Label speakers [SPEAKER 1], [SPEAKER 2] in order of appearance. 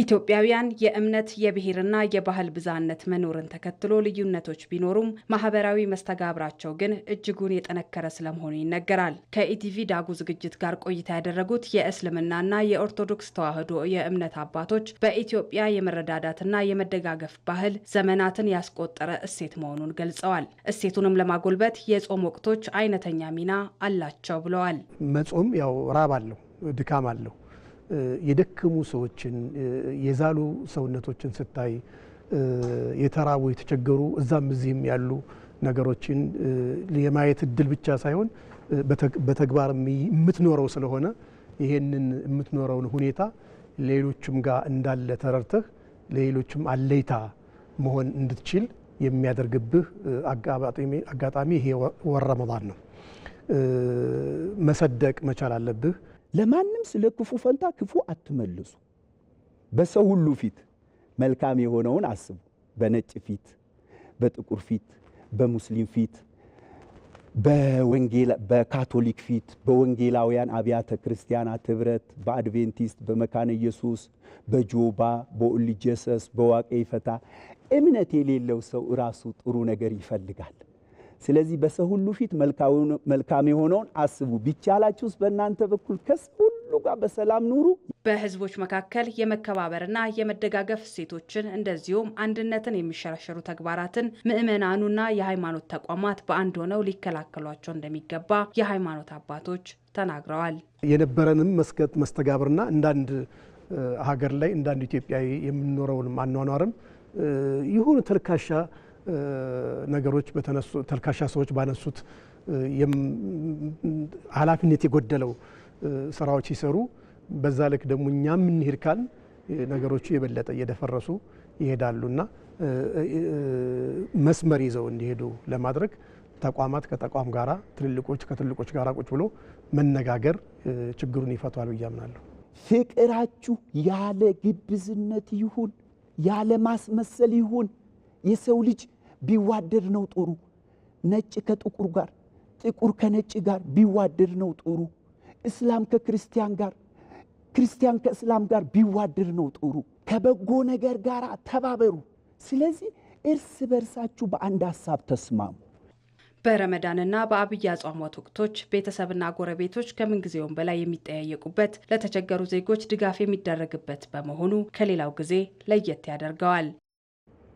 [SPEAKER 1] ኢትዮጵያውያን የእምነት የብሔርና የባህል ብዝሃነት መኖርን ተከትሎ ልዩነቶች ቢኖሩም ማህበራዊ መስተጋብራቸው ግን እጅጉን የጠነከረ ስለመሆኑ ይነገራል። ከኢቲቪ ዳጉ ዝግጅት ጋር ቆይታ ያደረጉት የእስልምናና የኦርቶዶክስ ተዋሕዶ የእምነት አባቶች በኢትዮጵያ የመረዳዳትና የመደጋገፍ ባህል ዘመናትን ያስቆጠረ እሴት መሆኑን ገልጸዋል። እሴቱንም ለማጎልበት የጾም ወቅቶች አይነተኛ ሚና አላቸው ብለዋል።
[SPEAKER 2] መጾም ያው ራብ አለው፣ ድካም አለው የደከሙ ሰዎችን የዛሉ ሰውነቶችን ስታይ የተራቡ የተቸገሩ እዛም እዚህም ያሉ ነገሮችን የማየት እድል ብቻ ሳይሆን በተግባር የምትኖረው ስለሆነ ይሄንን የምትኖረውን ሁኔታ ሌሎችም ጋር እንዳለ ተረድተህ ለሌሎችም አለይታ መሆን እንድትችል የሚያደርግብህ አጋጣሚ ይሄ ወር ረመዳን ነው። መሰደቅ መቻል አለብህ።
[SPEAKER 3] ለማንም ስለ ክፉ ፈንታ ክፉ አትመልሱ። በሰው ሁሉ ፊት መልካም የሆነውን አስቡ። በነጭ ፊት፣ በጥቁር ፊት፣ በሙስሊም ፊት፣ በካቶሊክ ፊት፣ በወንጌላውያን አብያተ ክርስቲያናት ህብረት፣ በአድቬንቲስት፣ በመካነ ኢየሱስ፣ በጆባ፣ በኦልጀሰስ፣ በዋቄ ይፈታ እምነት የሌለው ሰው ራሱ ጥሩ ነገር ይፈልጋል። ስለዚህ በሰው ሁሉ ፊት መልካም የሆነውን አስቡ፣ ቢቻላችሁስ በእናንተ በኩል ከሰው ሁሉ ጋር በሰላም ኑሩ።
[SPEAKER 1] በህዝቦች መካከል የመከባበርና የመደጋገፍ እሴቶችን እንደዚሁም አንድነትን የሚሸረሸሩ ተግባራትን ምዕመናኑና የሃይማኖት ተቋማት በአንድ ሆነው ሊከላከሏቸው እንደሚገባ የሃይማኖት አባቶች ተናግረዋል።
[SPEAKER 2] የነበረንም መስገት መስተጋብርና እንዳንድ ሀገር ላይ እንዳንድ ኢትዮጵያዊ የምንኖረውንም አኗኗርም ይሁን ተልካሻ ነገሮች በተነሱ ተልካሻ ሰዎች ባነሱት ኃላፊነት የጎደለው ስራዎች ሲሰሩ በዛ ልክ ደግሞ እኛም የምንሄድ ካል ነገሮቹ የበለጠ እየደፈረሱ ይሄዳሉና መስመር ይዘው እንዲሄዱ ለማድረግ ተቋማት ከተቋም ጋራ ትልልቆች ከትልቆች ጋራ ቁጭ ብሎ መነጋገር ችግሩን ይፈቷል ብዬ አምናለሁ።
[SPEAKER 3] ፍቅራችሁ ያለ ግብዝነት ይሁን፣ ያለ ማስመሰል ይሁን። የሰው ልጅ ቢዋደድ ነው ጥሩ። ነጭ ከጥቁር ጋር፣ ጥቁር ከነጭ ጋር ቢዋደድ ነው ጥሩ። እስላም ከክርስቲያን ጋር፣ ክርስቲያን ከእስላም ጋር ቢዋደድ ነው ጥሩ። ከበጎ ነገር ጋር ተባበሩ። ስለዚህ እርስ በርሳችሁ በአንድ ሀሳብ ተስማሙ።
[SPEAKER 1] በረመዳንና በአብይ አጽዋም ወቅቶች ቤተሰብና ጎረቤቶች ከምንጊዜውም በላይ የሚጠያየቁበት ለተቸገሩ ዜጎች ድጋፍ የሚደረግበት በመሆኑ ከሌላው ጊዜ ለየት ያደርገዋል።